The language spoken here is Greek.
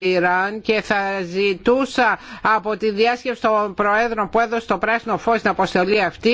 Ιράν και θα ζητούσα από τη διάσκεψη των Προέδρων που έδωσε το πράσινο φως στην αποστολή αυτή